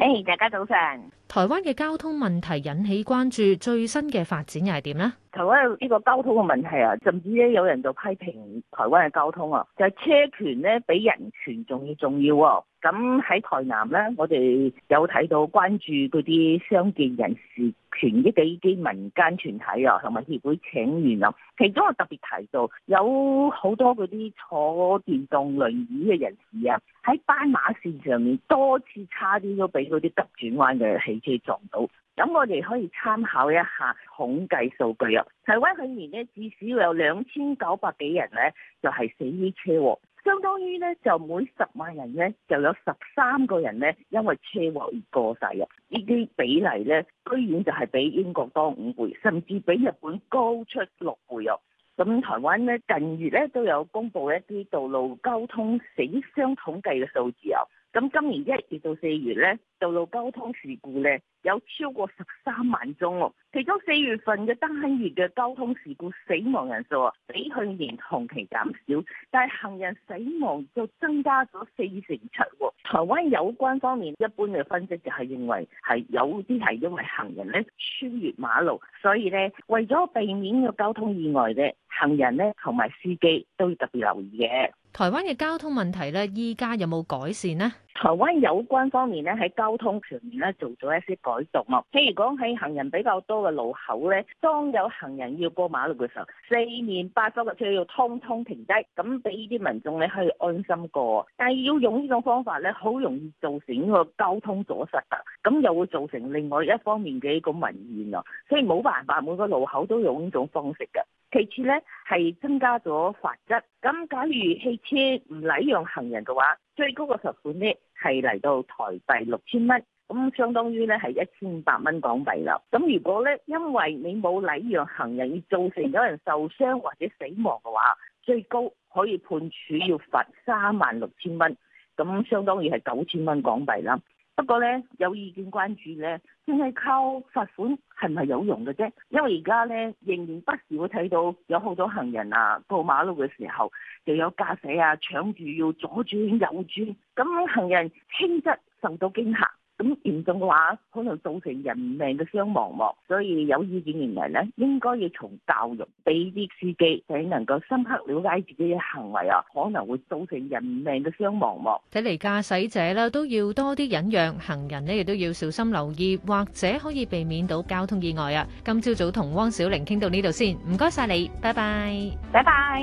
誒，hey, 大家早上，台灣嘅交通問題引起關注，最新嘅發展又係點呢？台灣呢個交通嘅問題啊，甚至咧有人就批評台灣嘅交通啊，就係、是、車權咧比人權仲要重要。咁喺台南呢，我哋有睇到關注嗰啲傷健人士權益嘅一啲民間團體啊，同埋協會請願啊。其中我特別提到，有好多嗰啲坐電動輪椅嘅人士啊，喺斑馬線上面多次差啲都俾嗰啲急轉彎嘅汽車撞到。咁我哋可以參考一下統計數據啊。台灣去年呢，至少有兩千九百幾人呢，就係、是、死於車禍。相當於咧，就每十萬人咧就有十三個人咧，因為車禍而過世啊！呢啲比例咧，居然就係比英國多五倍，甚至比日本高出六倍哦！咁台灣咧近月咧都有公布一啲道路交通死傷統計嘅數字啊！咁今年一月到四月咧，道路交通事故咧有超過十三萬宗，其中四月份嘅單月嘅交通事故死亡人數啊，比去年同期減少，但係行人死亡就增加咗四成七。台灣有關方面一般嘅分析就係認為係有啲係因為行人咧穿越馬路，所以咧為咗避免個交通意外咧，行人咧同埋司機都要特別留意嘅。台灣嘅交通問題咧，依家有冇改善呢？台灣有關方面咧喺交通全面咧做咗一啲改動啊。譬如講喺行人比較多嘅路口咧，當有行人要過馬路嘅時候，四面八方嘅車要通通停低，咁俾呢啲民眾咧可以安心過。但係要用呢種方法咧，好容易造成呢個交通阻塞，咁又會造成另外一方面嘅一個民怨啊。所以冇辦法，每個路口都用呢種方式噶。其次咧，係增加咗罰則。咁假如汽車唔禮讓行人嘅話，最高嘅罰款咧係嚟到台幣六千蚊，咁相當於咧係一千五百蚊港幣啦。咁如果咧因為你冇禮讓行人而造成有人受傷或者死亡嘅話，最高可以判處要罰三萬六千蚊，咁相當於係九千蚊港幣啦。不過咧，有意見關注咧，淨係靠罰款係唔係有用嘅啫？因為而家咧仍然不時會睇到有好多行人啊過馬路嘅時候，又有駕駛啊搶住要左轉右轉，咁行人輕則受到驚嚇。咁嚴重嘅話，可能造成人命嘅傷亡喎。所以有意見認為咧，應該要從教育俾啲司機，使能夠深刻了解自己嘅行為啊，可能會造成人命嘅傷亡喎。睇嚟駕駛者啦，都要多啲忍讓，行人咧亦都要小心留意，或者可以避免到交通意外啊。今朝早同汪小玲傾到呢度先，唔該晒你，拜拜，拜拜。